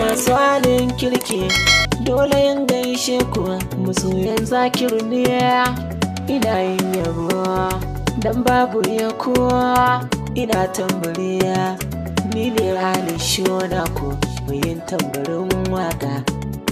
masu halin kirki dole yin gaishe kuwa masoyan zakiru ne ina yin yabo dan babu ya kowa ina tambariya ni ne halin shona ku yin waka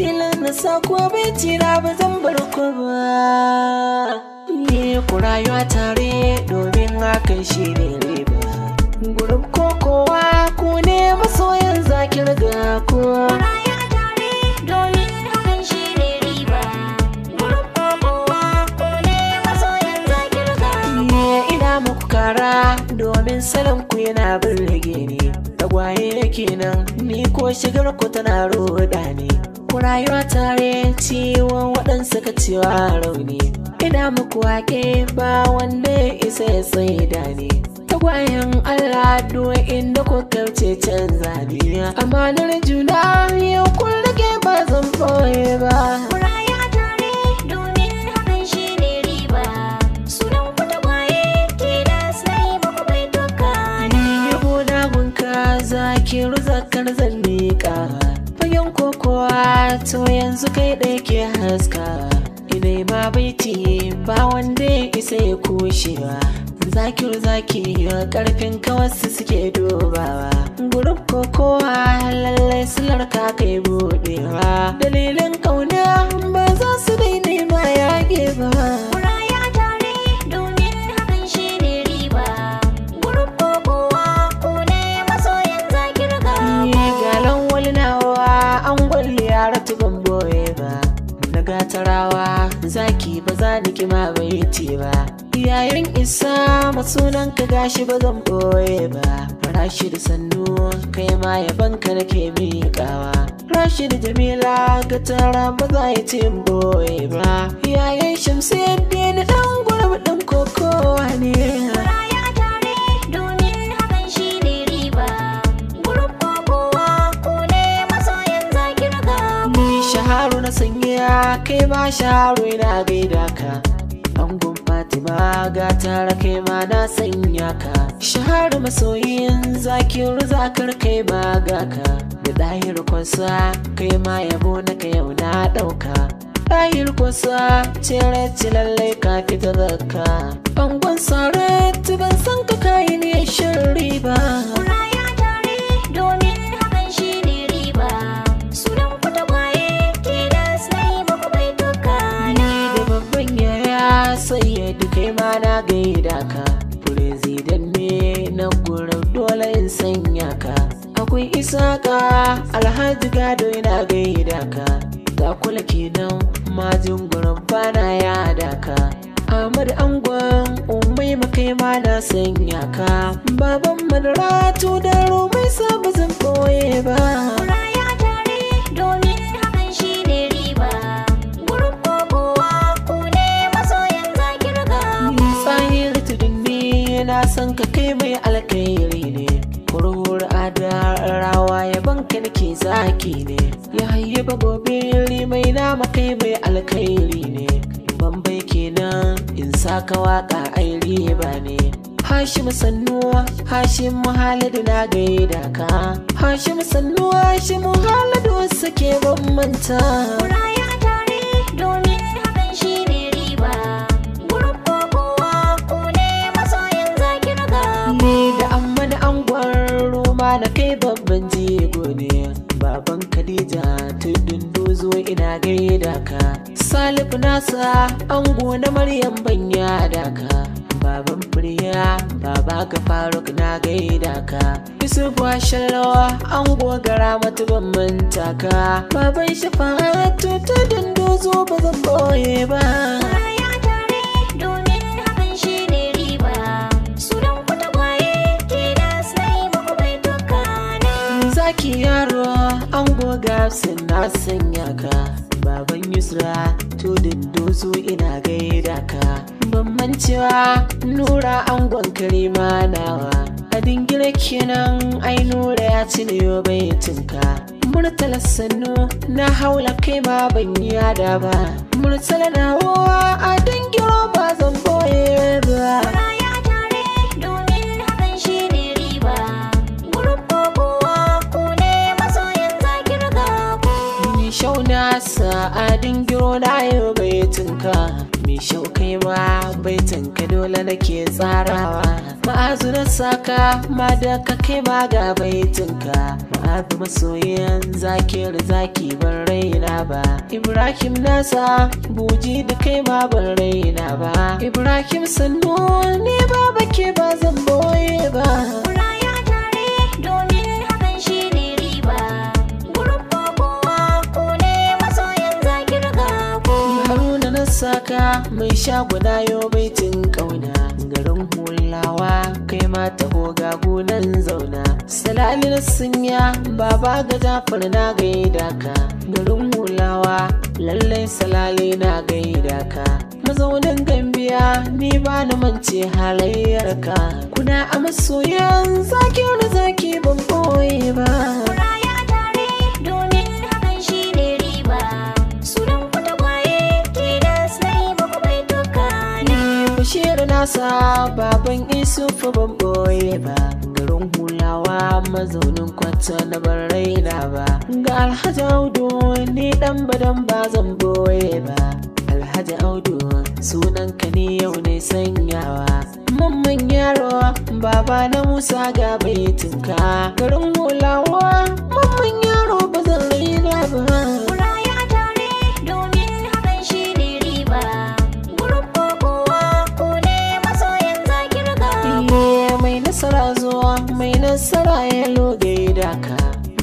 tilan na ko bai tira ba zan bar ku ba ni ku rayuwa tare domin haka shi ne riba gurup ko kowa ku ne masoyan zakir ga ku Kara domin salon ku yana birge ni, tagwaye kenan ni ko shigar ku tana roda ne. rayuwa tare ciwon waɗansu ka cewa rauni ina muku wake ba wanda ya isa ya da ne tagwayen Allah duwa inda ku kauce canza ne amanar juna yau kun rage ba zan ɓoye ba Zakiru zakar zan to yanzu kai ɗaya ke haska idai ba baiti ba wanda ya isa ya kushewa zakiru zaki karfin kawarsu suke dubawa ba yayin isa masunan ka gashi ba zan boye ba rashid sannu kai ma yaban ka nake miƙawa rashid jamila ga tara ba za yi cin boye ba yayin yadda ni dan gurbi dan kokowa ne shaharu na sanya kai ma shaharu ina gaida ka angon fatima ga tara kai ma na sanya ka shahara masoyin zakin ruzakar kai ma ga ka da ɗahir kwasa kai ma yabo na ka yau na ɗauka ɗahir kwasa cire ci lallai ka fita zaka bangon sare tuban san ka zungurin bana ya daka Ahmad angon umai makai ma na sanya ka baban madaratu da rumai sabu zan boye ba dan nake zaki ne ya hayi ba gobe limai na kai mai alkhairi ne bambai kenan in saka waka ai riba ne Hashim sannuwa Hashim Haladu na gaida ka Hashim sannuwa Hashim Haladu wasu ke bambanta tare domin daka salif nasa ango na maryam banya daka baban furya baba ga faruk na gaida ka yusuf shalawa ango gara ramatu manta ka baban shafa'a ta dandozo ba zan boye ba zaki yaro an goga sun na sanya ka baban yusra to dozo ina gaida ka ban mancewa nura angon karima nawa a dingire kenan ai nura ya ci da baitinka murtala sannu na haula kai ma ban yada ba murtala nawa a dingiro ba zan boye ba adin giro na yau baitinka mai shaukai ma baitinka dole nake tsarawa ma'azu na saka ma da ka kai ma ga baitinka ma'azu masoyan zakir zaki ban raina ba ibrahim nasa buji da kai ma ban raina ba ibrahim sannu ne ba bake ba zan boye ba saka mai sha guda bai kauna garin hulawa kai ma taho ga gunan zauna salalin sunya baba ga jafar na gaida ka garin hulawa lallai salale na gaida ka mazaunin gambiya ni ba na mance ka kuna a masoyan zaki wani zaki ban koyi ba nasa baban isufu ban boye ba garin hulawa mazaunin kwata na ban raina ba ga alhaji audu ni dan badan ba zan boye ba alhaji audu sunan ne yau ne sanyawa mamman yaro baba na musa ga baitinka garin hulawa mamman yaro ba zan raina ba nasara zuwa mai nasara ya loge daka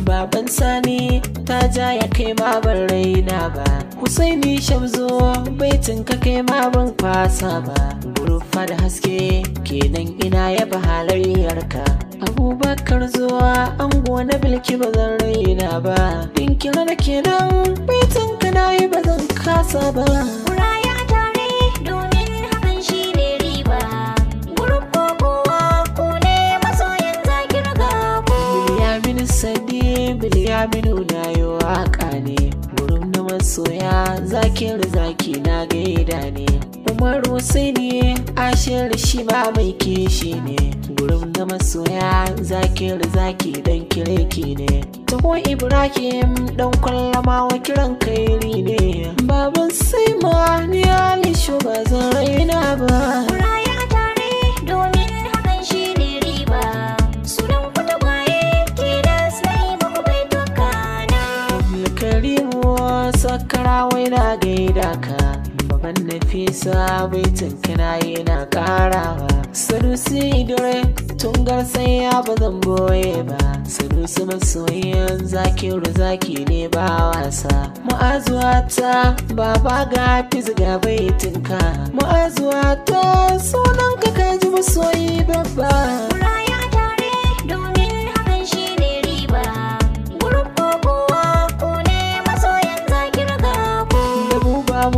baban sani ta ja ya kai ma ban raina ba husaini zuwa, baitin ka kai ma ban fasa ba Gurufa da haske kenan ina halayyar ka abubakar zuwa an gona bilki ba zan raina ba in kira kenan baitin ka na yi ba zan kasa ba Aminu na yi waƙa ne wurin na masoya zakin zaki na gaida ne Umaru a ashir shi ba mai kishi ne gurin na masoya zakin zaki dan kireki ne Taho Ibrahim dan wa kiran kairi ne Baban Saima ni Ali zan raina ba ina gaida ka baban nafisa baitin kina yana karawa sadusi dore tun ya ba zan boye ba sadusi masoyin zakiru zaki ne ba wasa ma'azuwata ba ga tunka. baitinka ma'azuwata sunan ka kaji masoyi babba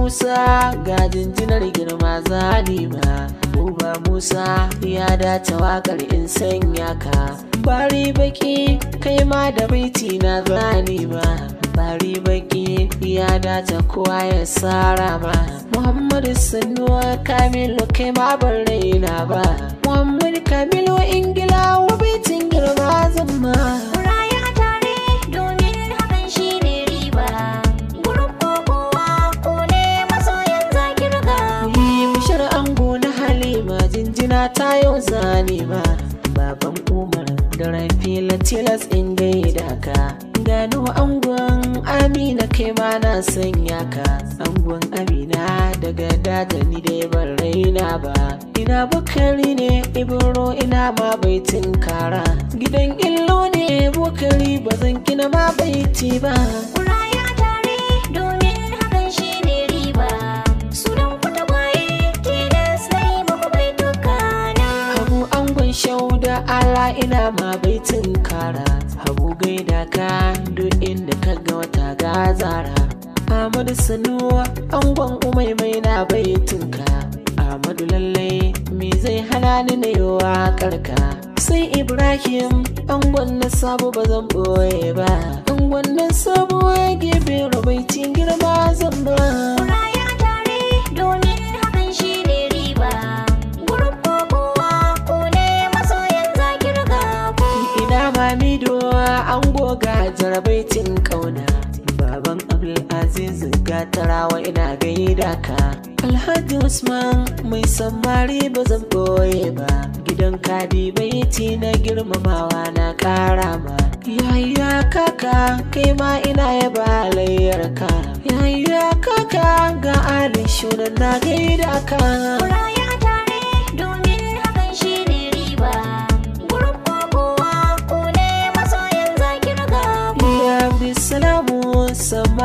Musa ga jinjinar girma zalima Uba Musa ya dace waƙar in sanya ka Bari baki kai ma da baiti na zalima Bari baki ya dace kowa ya sara ma Muhammadu Sanuwa Kamilu kai ma ban raina ba sanya ka angon amina daga dadani ni ya raina ba ina bukari ne iburo ina ma baitin kara gidan illo ne bukari ba zan kina ma baiti ba shauda ala ina ma baitin kara habu gaida ka duk inda ka ga wata gazara Ahmadu Sanuwa angon umai mai na baitinka Ahmadu lallai me zai hana ni na yi karka sai Ibrahim angon na sabu ba zan ba angon na ya gefe rubaitin girma zan ba gatarawa ina gaida ka alhaji usman mai samari ba zan ɓoye ba gidan kadi baiti na girmamawa na kara ma yaya kaka kai ma ina yaba ka. yaya kaka ga alin na gaida ka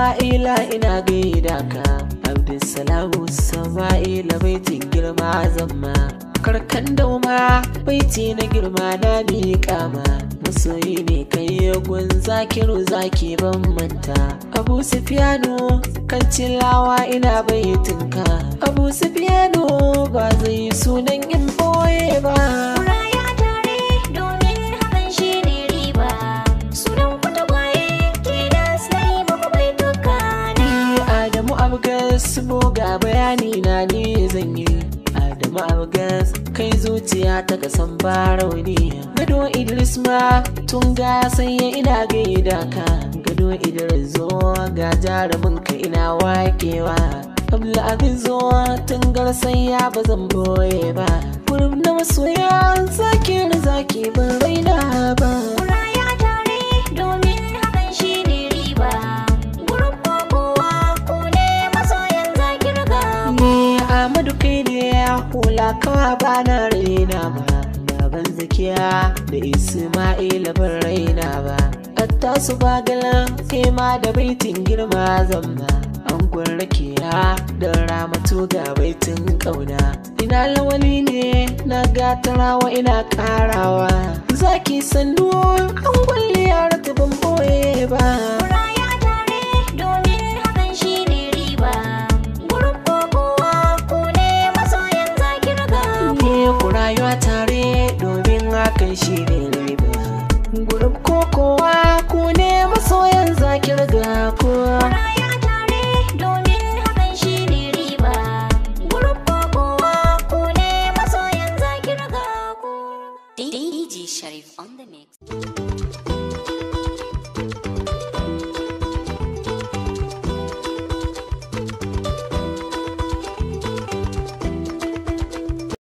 Sama'ila ina gaida ka Abdulsalamu Sama'ila baitin girma zamma Karkan dauma baiti na girma na miƙa ma Masoyi ne kai yagun zakiru zaki ban manta Abu Sufyanu kan cilawa ina baitinka Abu Sufyanu ba zai sunan in boye ba zuciya ta kasan barau gado idris ma tun ga sanya ina ina gaida ka gado idris zo ga jarumin ka ina wakewa kabla abin zo tun gar sai ba bazan boye ba kurum na masoya zaki na zaki ba kai ban raina ba atta su bagala sai ma da baitin girma zamma an gwarra da don ramatu ga baitin ƙauna ina lawali ne na ga gatarawa ina ƙarawa zaki sannu an gwalle yara ta ban boye ba rayuwa tare domin hakan shi ne kowa